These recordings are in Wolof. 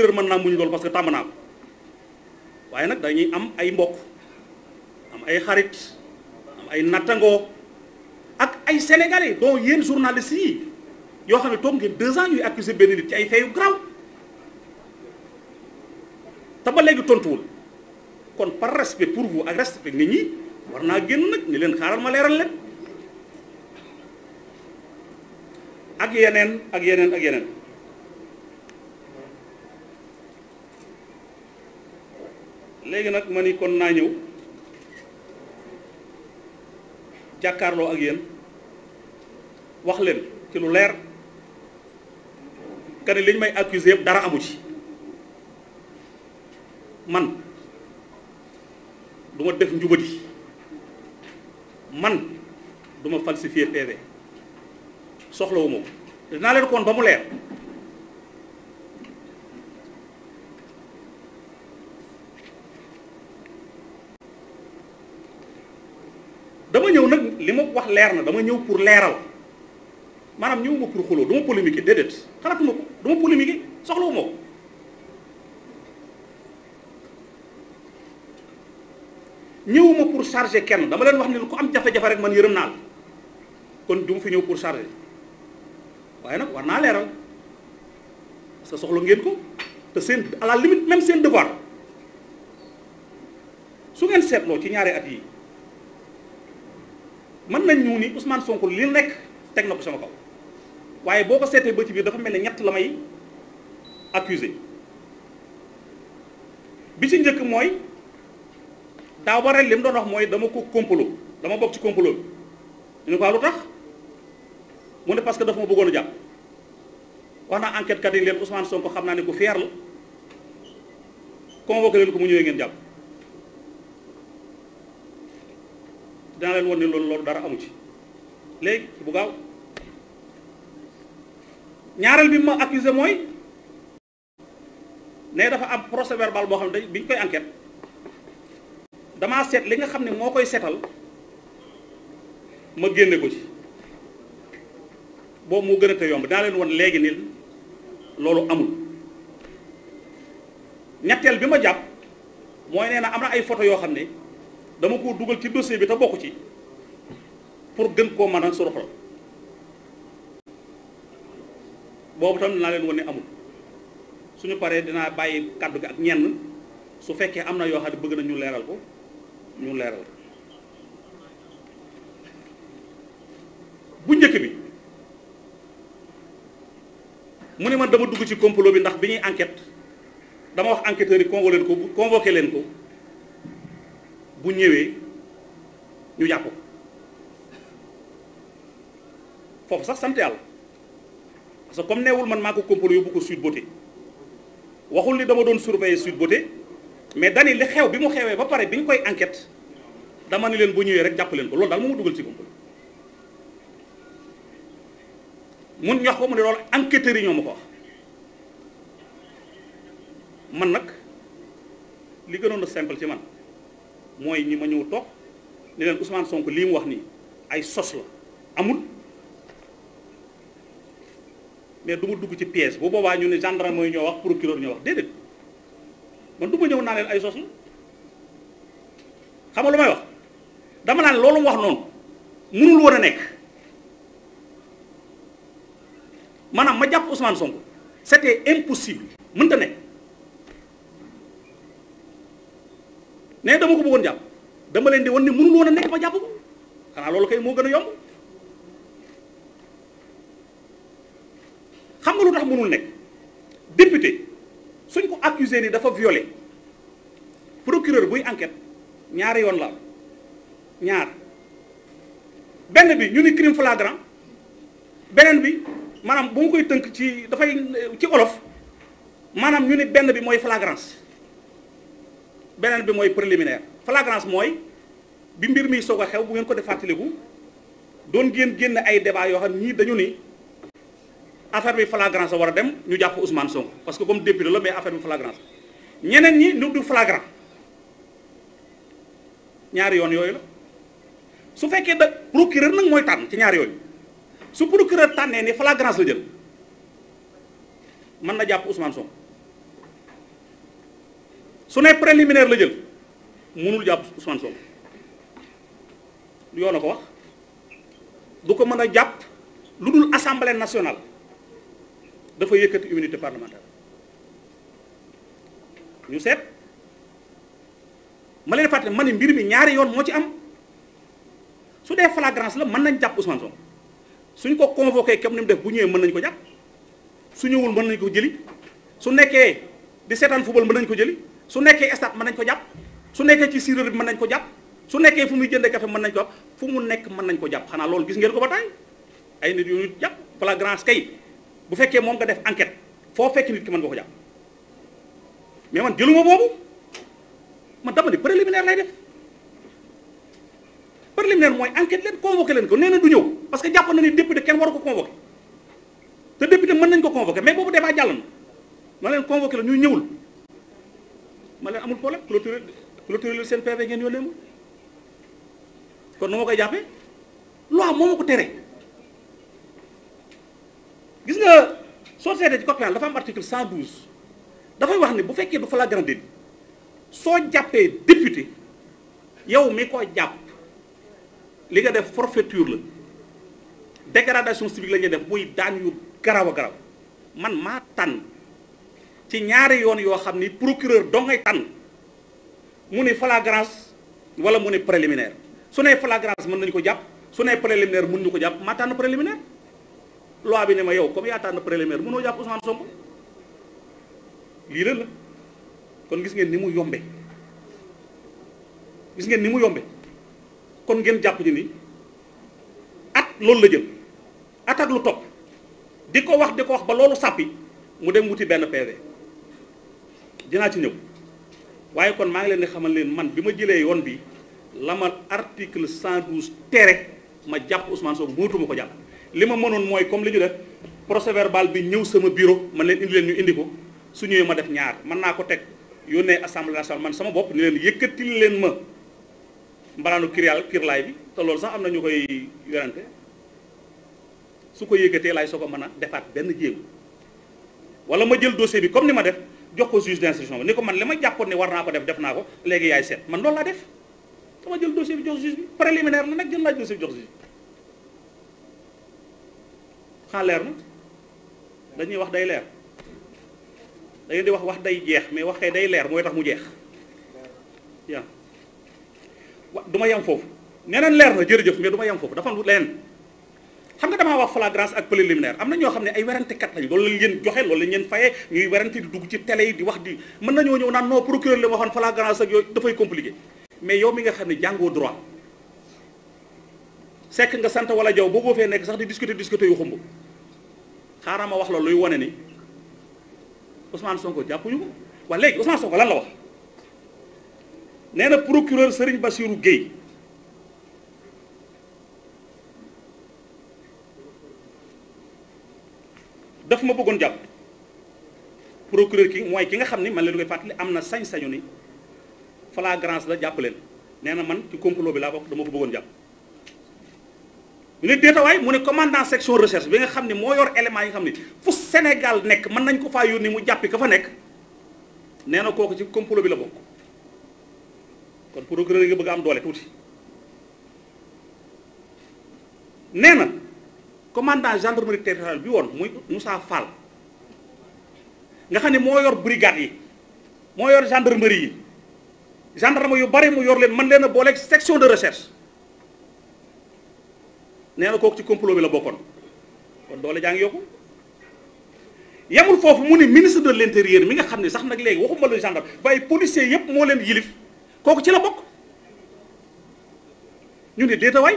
procureur mën naa muñ loolu parce que tàmm naa ko waaye nag dañuy am ay mbokk am ay xarit am ay nattangoo ak ay sénégalais dont yéen journalistes yi yoo xam ne toog ngeen deux ans ñuy accuser benn nit ci ay fayu graw te ba léegi tontuwul kon par respect pour vous ak respect nit ñi war naa génn nag ni leen xaaral ma leeral leen ak yeneen ak yeneen ak yeneen léegi nag ma ni kon naa ñëw jàkkaarloo ak yéen waxleen ci lu leer que ne may accuser yëpp dara amu ci man duma ma def njubadi man du ma falsifier soxlawuma ko dinaa leen koon ba mu leer li ma wax leer na dama ñëw pour leeral maanaam ñëwuma pour xuloo duma polémiquer déedéet xalaatuma ko duma polémiquer soxlawuma ko ñëwuma pour charger kenn dama leen wax ne ko am jafe-jafe rek man yërëm naa la kon du fi ñëw pour charger waaye nag war naa leeral parce que soxla ngeen ko te seen à la limite même seen devoir su ngeen seetloo ci ñaari at yi man nañ ñu ni Ousmane Sonko li nekk teg na ko sama kaw waaye boo ko seetee ba ci biir dafa mel ne ñett la may accusé bi ci njëkk mooy daaw ba li doon wax mooy dama ko complot dama bokk ci complot bi ñu ko lu tax mu ne parce que dafa ma bëggoon a jàpp wax naa enquête kat yi leen Ousmane Sonko xam naa ne ku fier la convoqué leen ko mu ñëwee ngeen jàpp. dana leen wan ne loolu loolu dara amu ci léegi bu gaaw ñaareel bi ma accusé mooy ne dafa am procès verbal boo xam ne bi ñu koy enquête damaa seet li nga xam ne moo koy seetal ma génne ko ci boobu moo gën a te yomb daa leen wan léegi nii loolu amul ñetteel bi ma jàpp mooy nee na am na ay photo yoo xam ne dama ko dugal ci dossier bi te bokk ci pour gën koo mën a soroxal boobu tam dinaa leen wan ne amul suñu paree dinaa bàyyi kàddu gi ak ñenn su fekkee am na yoo xam ne bëgg na ñu leeral ko ñu leeral bu njëkk bi mu ne man dama dugg ci complot bi ndax bi ñuy enquête dama wax enquêteurs yi convoqué leen ko convoqué leen ko bu ñëwee ñu jàpp ko foofu sax sant yàlla parce que comme neewul man maa ko complot yóbbu ko Sweet Beauté waxul ni dama doon surveiller Sweet Beauté mais dani li xew bi mu xewee ba pare bi ñu koy enquête dama ni leen bu ñëwee rek jàpp leen ko loolu daal moo ma dugal ci complot mun ñox ko mu ne loolu enquêteurs yi ñoo ko wax man nag li gënoon a simple ci man mooy ñi ma ñëw toog ne leen Ousmane Sonko lii mu wax nii ay sos la amul mais du ma dugg ci pièce bu boobaa ñu ne gendarme mooy ñoo wax procureur ñoo wax déedéet man du ma ñëw naa leen ay sos la xam nga lu may wax dama naan loolu mu wax noonu mënul woon a nekk maanaam ma jàpp Ousmane Sonko c'était impossible mënta nekk. ne dama ko bëggoon jàpp dama leen di wan ne mënul woon a nekk ma jàpp ko xanaa loolu kay moo gën a yomb xam nga lu tax mënul nekk député suñ ko accusé ni dafa violé procureur buy enquête ñaari yoon la ñaar benn bi ñu ni crime flagrant beneen bi maanaam bu ma koy tënk ci dafay ci olof maanaam ñu ni benn bi mooy flagrance beneen bi mooy préliminaire flagrance mooy bi mbir mi soog a xew bu ngeen ko def fàttaliku doon ngeen génn ay débat yoo xam nii dañu ni affaire bi flagrance la war a dem ñu jàpp Ousmane Sonko parce que comme député la mais affaire bi flagrance ñeneen ñi ñu du flagrant ñaari yoon yooyu la su fekkee da procureur nag mooy tànn ci ñaari yooyu su procureur tànnee ni flagrance la jël mën na jàpp Ousmane Sonko. su ne préliminaire la jël mënul jàpp Ousmane Sonko yoon a ko wax du ko mën a jàpp lu dul assemblée nationale dafa yëkkati immunité parlementaire ñu seet ma leen fàtte man ni mbir mi ñaari yoon moo ci am su dee flagrance la mën nañ jàpp Ousmane Sonko suñ ko convoqué képp ni mu def bu ñëwee mën nañ ko jàpp su ñëwul mën nañ ko jëli su nekkee di seetaan football mën nañ ko jëli su nekkee stade mën nañ ko jàpp su nekkee ci siréer bi mën nañ ko jàpp su nekkee fu muy jëndee café mën nañ ko jàpp fu mu mën nañ ko jàpp xanaa loolu gis ngeen ko ba tey ay nit yu ñu jàpp flagrance bu fekkee moom nga def enquête foo fekk nit ki mën nga ko jàpp mais man jëluma boobu man dama ne préliminaire lay def préliminaire mooy enquête leen convoqué leen ko nee du ñëw parce que jàpp na ni député kenn waru ko convoqué te député mën nañ ko convoqué mais boobu débat jàll na ma leen convoqué la ñuy ñëwul ma leen amul problème clôturer clôturer seen PV ngeen yónnee ma kon nu ma koy jàppee loi moo ma tere gis nga soo seetee ci code pénal dafa am article 112 dafay wax ne bu fekkee du flagrant délit soo jàppee député yow mi ko jàpp li nga def forfaiture la dégradation civique lañuy ñuy def muy daan yu garaw garaw man maa tànn. ci ñaari yoon yoo xam ni procureur doo ngay tànn mu ni flagrance wala mu ni préliminaire su nee flagrance mën nañu ko jàpp su nee préliminaire mun ñu ko jàpp ma tànn préliminaire loi bi ne ma yow comme yaataan tànn préliminaire mënoo jàpp Ousmane Sonko lii la la kon gis ngeen ni mu yombe gis ngeen ni mu yombe kon ngeen jàpp ñu ni at loolu la jëm at ak lu topp di ko wax di ko wax ba loolu sàppi mu dem wuti benn PV dinaa ci ñëw waaye kon maa ngi leen di xamal leen man bi ma jëlee yoon bi la ma article 112 tere ma jàpp Ousmane Sonko mootuma ko jàpp li ma mënoon mooy comme li ñu def procès verbal bi ñëw sama bureau ma leen indi leen ñu indi ko su ñëwee ma def ñaar man naa ko teg yónnee assemblée nationale man sama bopp ni leen yëkkati leen ma mbalaanu kirial kirlaay bi te loolu sax am na ñu koy werante su ko yëkkatee laay soo ko mën a defaat benn jéego wala ma jël dossier bi comme ni ma def. jox ko juge d'instruction bi ni ko man li ma jàppoon ne war naa ko def def naa ko léegi yaay seet man loolu laa def dama jël dossier bi jox juge bi préliminaire la nag jël naa dossier bi na dañuy wax day leer da ngeen di wax wax day jeex mais wax kay day leer mooy tax mu jeex yaa wa du ma yem foofu neneen leer na jërëjëf mais du ma yem foofu dafa am lu leen xam nga damaa wax flagrance ak préliminaire am na ñoo xam ne ay werantekat lañ loolu lañ leen joxe loolu lañ leen fayee ñuy werante di dugg ci télé yi di wax di mën nañoo ñëw naan non procureur la waxoon flagrance ak yooyu dafay compliqué mais yow mi nga xam ne jàngoo droit sekk nga santa wala jaw boo ko fee nekk sax di discuter discuter yu xumb xaaral ma wax la luy wane ni Ousmane Sonko jàppuñu ko waa léegi Ousmane Sonko lan la wax nee na procureur Serigne Bassirou Gueye. fu ma bëggoon jàpp procureur ki mooy ki nga xam ni man leen koy fàttali am na sañ-sañu ni flagrance la jàpp leen nee na man ci complot bi laa bokk dama ko bëggoon jàpp. ñu ne déetawaay mu ne commandant section recherche bi nga xam ne moo yor élément yi nga xam ne fu Sénégal nekk mën nañ ko faa yónni mu jàppi ka fa nekk nee na kooku ci complot bi la bokk kon procureur yi nga bëgg am doole tuuti nee na. commandant gendarmerie territoriale bi woon muy Moussa Fall nga xam ne moo yor brigade yi moo yor gendarmerie yi gendarme yu bari mu yor leen man leen a booleeg section de recherche nee na kooku ci complot la bokkoon doole jaa ngi yokku yemul foofu mu ni ministre de l'intérieur mi nga xam ne sax nag léegi waxuma la gendarme ba ay policiers yëpp moo leen yilif kooku ci la bokk ñu ne déeta waay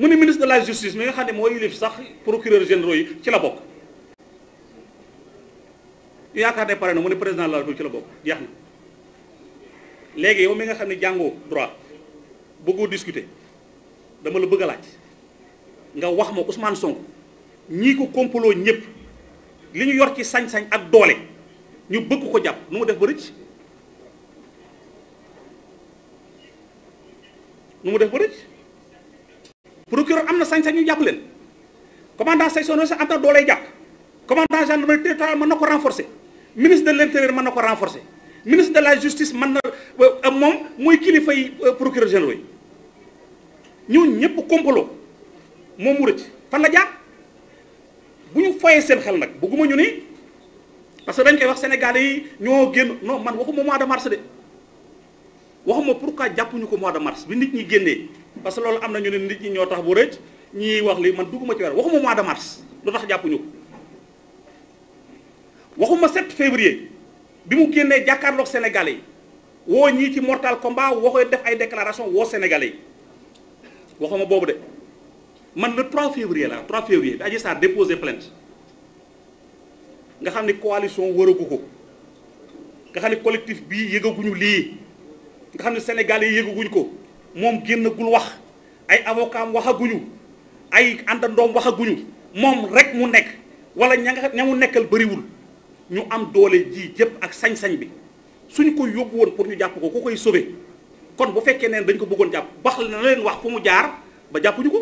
mu ne ministre de la justice mi nga xam ne moo yilif sax procureur généraux yi ci la bokk yaakaar ne pare na mu ne président la République ci la bokk jeex na léegi yow mi nga xam ne jàngoo droit bëggoo discuter dama la bëgg a laaj nga wax ma Ousmane Sonko ñii ko kompaloo ñëpp li ñu yor ci sañ-sañ ak doole ñu bëgg ko jàpp nu mu def ba rëcc nu mu def ba procureur am na sañ-sañu jàpp leen commandant section am na doolay jàpp commandant gendarmerie territoriale mën na ko renforcer ministre de l'intérieur mën na ko renforcer ministre de la justice man na euh, moom mooy kilifa yi euh, procureur généraux yi ñëw ñëpp complot moom mu rëcc fan la jaar bu ñu foyee seen xel nag bëgguma ñu ni parce que dañ koy wax sénégal yi ñoo génn non man waxuma mois de mars de waxuma pourquoi jàppuñu ko mois de mars bi nit ñi génnee parce que loolu am na ñu ne nit ñi ñoo tax bu rëcc ñiy wax li man dugguma ci weer waxuma mois de mars lu tax jàppuñu ko waxuma 7 février bi mu génnee jàkkaarloog Sénégalais yi woo ñii ci mortal combat waxoy def ay déclaration woo Sénégalais yi waxuma boobu de man le 3 février la 3 février bi Adji Sarr déposé plainte nga xam ni coalition wëragu ko nga xam ni collectif bi yëgaguñu lii nga xam ne sénégalais yi yëgaguñ ko moom génnagul wax ay avocat am waxaguñu ay àndandoom waxaguñu moom rek mu nekk wala ña nga ña mu nekkal bariwul ñu am doole ji jëpp ak sañ-sañ bi suñ ko yóbbu woon pour ñu jàpp ko ko koy sauver kon bu fekkee nen dañ ko bëggoon jàpp bax na leen wax fu mu jaar ba jàppuñu ko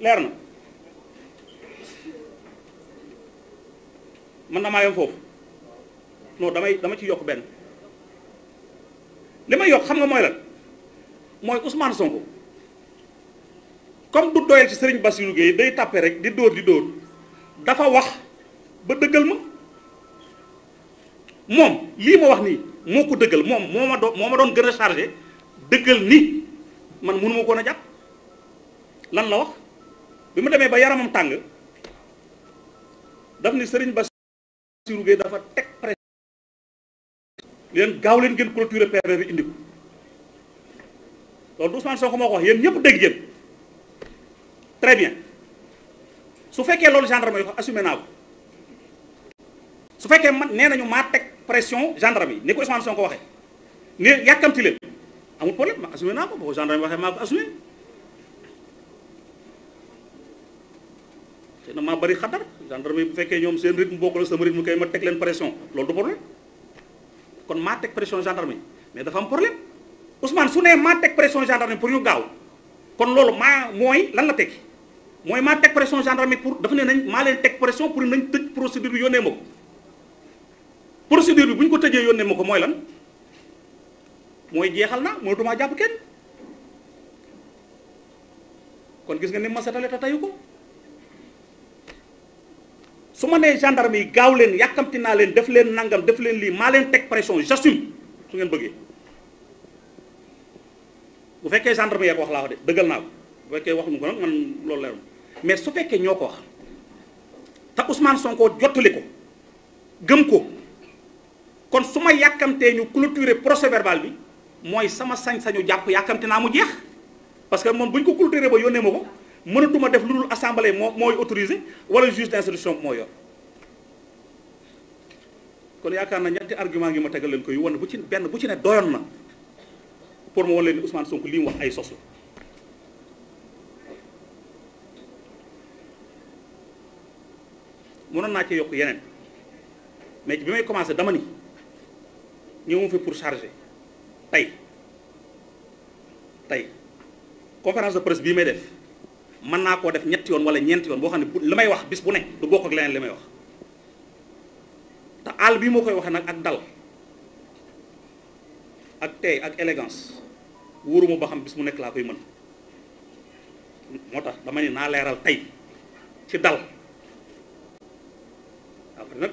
leer na mën na maa yem foofu non damay dama ci yokk benn li may yokk xam nga mooy lan mooy Ousmane Sonko comme du doyal ci sëriñ Bassirou Gueye day tàppe rek di dóor di dóor dafa wax ba dëggal moom lii ma wax nii moo ko dëggal moom moo ma doon moo ma doon gën a chargé dëggal ni man mënu ma a jàpp lan la wax bi mu demee ba yaramam tàng daf ni Serigne dafa teg leen gaaw leen ngeen clôturer PV bi indi ko loolu Ousmane Sonko moo ko wax yéen ñëpp dégg ngeen très bien su fekkee loolu gendarme yi ko assume naa ko su fekkee man nee nañu maa teg pression gendarme yi ni ko Ousmane Sonko waxee ne yàkkamti leen amul problème ma assumé naa ko boo gendarme waxee maa ko assumé xëy na yi bu fekkee ñoom seen rythme bokkul sama rythme kay ma teg leen pression loolu du problème kon maa teg pression gendarme mais dafa am problème Ousmane su nee maa teg pression gendarme pour ñu gaaw kon loolu maa mooy lan la teg mooy maa teg pression gendarme pour dafa ne nañ maa leen teg pression pour nañ tëj procédure bi yónnee ma ko procédure bi bu ñu ko tëjee yónnee ma ko mooy lan mooy jeexal na mënatumaa jàpp kenn kon gis nga ni ma setale te tayu ko. su ma nee gendarme yi gaaw leen yàkkamti naa leen def leen nangam def leen lii maa leen teg pression j'assume su ngeen bëggee bu fekkee gendarme yee ko wax laa wax de dëggal naa ko bu fekkee waxuñu ko nag man loolu leerum mais su fekkee ñoo ko wax te Ousmane sonkoo jottali ko gëm ko kon su ma yàkkamtee ñu clôturer procès verbal bi mooy sama sañ-sañu jàpp yàkkamti naa mu jeex parce que moom bu ñu ko clôturer ba yónnee ma ko mënatuma def lu dul assemblée moo mooy autorisé wala juge d'instruction moo yor kon yaakaar na ñetti argument ngi ma tegal leen ko yu wane bu ci benn bu ci ne doyoon na pour ma wan leen ni Ousmane Sonko li wax ay sos la naa ci yokk yeneen mais bi may commencé dama ni ñëw mu fi pour charger tey tey conférence de presse bii may def mën naa koo def ñetti yoon wala ñeenti yoon boo xam ne bu li may wax bis bu ne du bokk ak leneen li may wax te àll bi moo koy waxee nag ak dal ak tey ak élégance wóoruma ba xam bis mu nekk laa koy mën moo tax dama ne naa leeral tey ci dal après nag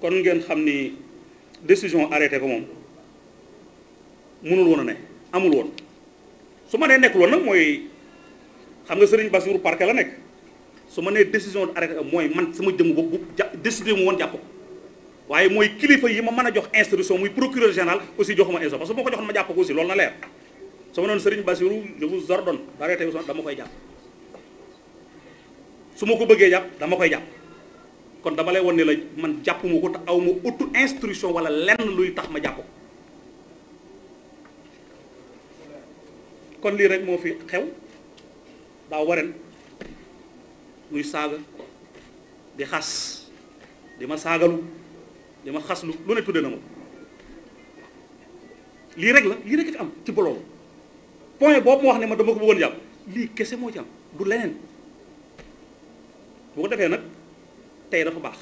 kon ngeen xam ni décision arrêté ko moom mënul woon a ne amul woon su ma nee nekkul woon nag mooy xam nga sëriñ Bassirou parquet la nekk su ma nee décision arrêté mooy man sama jëm bopp bu ja décidé mu woon jàpp ko waaye mooy kilifa yi ma mën a jox instruction muy procureur général aussi joxuma instruction parce que bu ma ko joxoon jàpp ko aussi loolu na leer su ma noonu sëriñ Bassirou je vous ordonne d'arrêter koy jàpp ma ko bëggee jàpp dama koy jàpp kon dama lay won ne la man jàppuma ko te aw ma utu instruction wala lenn luy tax ma jàpp ko kon lii rek moo fi xew daaw waren muy saaga di xas di ma saagalu di ma xaslu lu ne tudde na ma lii rek la lii rek fi am ci boloobu point boobu mu wax ne ma dama ko bëggoon jàpp lii kese moo ci am du leneen bu ko defee nag tey dafa baax